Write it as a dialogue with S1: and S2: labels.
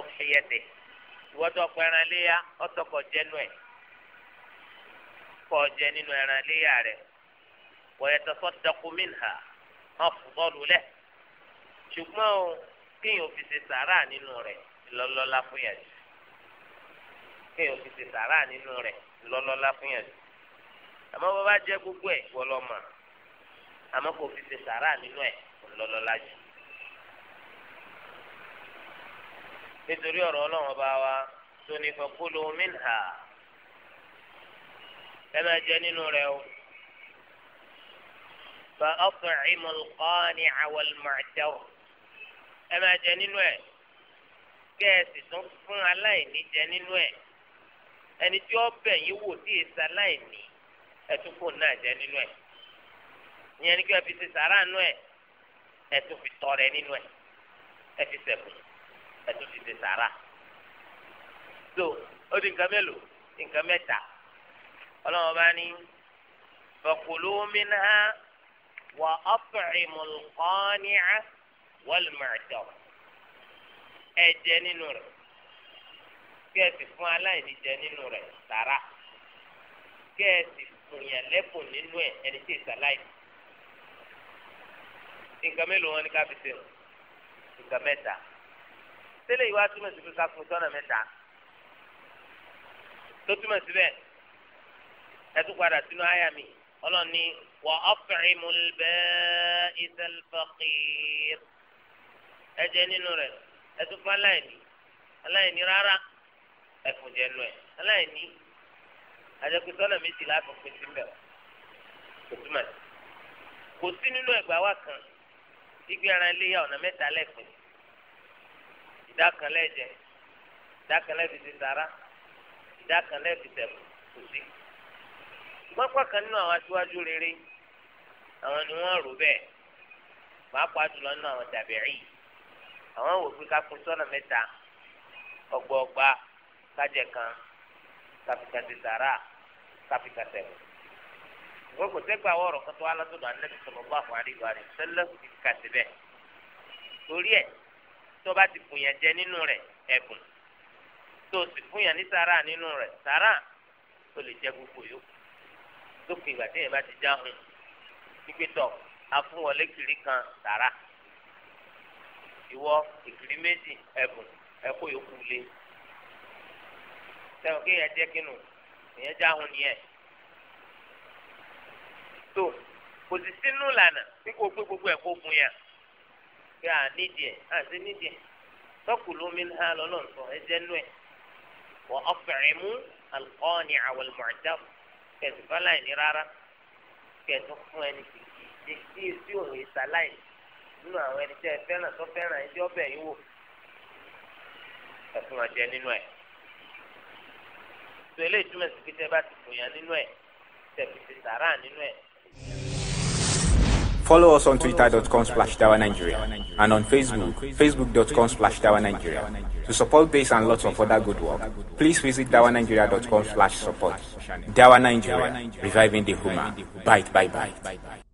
S1: ọ̀fìyẹ̀tẹ̀ ìwọ́tọ̀ ọ̀pọ̀ ẹran léyà ọ̀tọ̀kọ̀ jẹ́nu ẹ̀ kọ́ jẹ nínú ẹran léyà rẹ̀ wọ̀yẹ̀tọ̀ sọ́dọ̀kú mìnhà ọ̀fùbọ́ọ̀lù o kéèyàn ò fi ṣe sàárà nínú rẹ̀ lọ́lọ́lá fún yẹn kéèyàn fi ṣe sàárà nínú rẹ̀ lọ́lọ́lá fún yẹn àmọ́ bó bá jẹ́ gbogbo ẹ̀ wọ́lọ́mọ àmọ́ kò fi ṣe sàárà nínú ẹ̀ lọ́lọ́lá jù. nítorí ọ̀rọ̀ ọlọ́run ọba wa tó ní fakulu minha ẹ máa jẹ nínú rẹ̀ o. fa at'imu al-qani'a wal-mu'tar ẹ máa jẹ nínú ẹ̀ kẹ́ ẹ sì tún fún aláìní jẹ nínú ẹ̀ ẹni tí ó bẹ̀ wò tí èsì aláìní ẹ kò náà jẹ nínú ẹ̀ ìyẹn ni kí ẹ fi ṣe sàrà nínú ẹ tún fi tọrẹ nínú ẹ̀ ẹ fi ṣẹ̀bùn sàrà so ó di nǹkan mélòó nǹkan mẹ́ta ọlọ́wọ́n bá ní fakulu minha wà at'imul qani'a wal mu'tar ẹ jẹ nínú rẹ kí ẹ sì fún aláìní jẹ nínú rẹ sàrà kí ẹ sì nínú ẹ ẹni tí ì sàláìní nǹkan mélòó wọn ni ká fi ṣe nǹkan mẹ́ta tẹ́lẹ̀ ìwà túmọ̀ sí pé ká fún sọ́nà mẹ́ta tó túmọ̀ síbẹ̀ ẹ tún padà sínú àyà mi ọlọ́ni wà at'imul ba'isal faqir ẹ jẹ nínú rẹ̀ ẹ tún fún aláìní aláìní rárá ẹ fún nù ẹ aláìní àjẹkù sọ́nà méjì láti pín sí mbẹ̀ kò túmọ̀ sí kò sí nínú ẹgbàá wa kan ìgbé ara ilé ọ̀nà mẹ́ta lẹ́kùn sí ìdákan lẹ́jẹ̀ ìdákan lẹ́bi ti sara ìdákan lẹ́bi tẹ̀kù kò sí. pápá kan nínú àwọn aṣíwájú rere àwọn ni wọ́n rò bẹ́ẹ̀ pàápàá jùlọ nínú àwọn tàbí'ì àwọn wò pé ká pín sọ́nà mẹ́ta ọgbọọgba kájẹ kan káfíkà ti sara káfíkà tẹ̀kù. gbogbo sẹ́gbà wọ̀rọ̀ kan tó wá látọ̀dọ̀ Ànábì sallallahu alaihi wa sallam kàtí bẹ́ẹ̀ torí ẹ̀ tó bá ti fún yàn jẹ nínú rẹ̀ ẹ̀bùn tó sì fún yàn ní sàrà nínú rẹ̀ sàrà tó lè jẹ gbogbo yòókù lópin ìgbà téèyàn bá ti já hùn pípé tọ afúnwọlé kiri kan sàrà ìwọ ìkiri méjì ẹ̀bùn ẹkọ yòókù lé sẹwọn kéèyàn jẹ kínú èèyàn já hùn nìyẹn tó kò sì sínú lànà pípé gbogbo ẹ̀kọ́ fún yàn pé à nídìí ẹ̀ àti nídìí ẹ̀ tọ́kùlù mi ń hàn lọ́nà sọ ẹ̀jẹ̀ nú ẹ̀ wọ́n ọ̀fẹ̀rẹ̀ mú alukọ́ni àwọn mọ̀ọ́dáwò kẹ̀sì fáláì ní rárá kẹ̀sì fún ẹni kìkì tí tí òun ìsàláì nínú àwọn ẹni tẹ́ fẹ́ràn tó fẹ́ràn ẹni tí yín wò ẹ̀fún ọ̀jẹ̀ nínú ẹ̀ tó eléyìí túmọ̀ sí pé tẹ́ bá ti fòyàn nínú ẹ̀ tẹ̀ fi ti sàrà nínú ẹ̀. Follow us on twitter.com slash Dawa Nigeria and on Facebook, facebook.com slash Dawa Nigeria. To support this and lots of other good work, please visit dawanigeria.com slash support. Dawa Nigeria, reviving the human. Bye, bye, bye.